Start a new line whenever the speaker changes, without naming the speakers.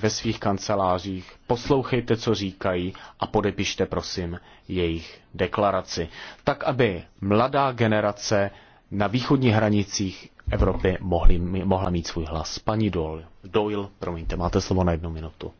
ve svých kancelářích, poslouchejte, co říkají a podepište, prosím, jejich deklaraci. Tak, aby mladá generace na východních hranicích Evropy mohly, mohla mít svůj hlas. Paní Doyle, Doyle promiňte, máte slovo
na jednu minutu.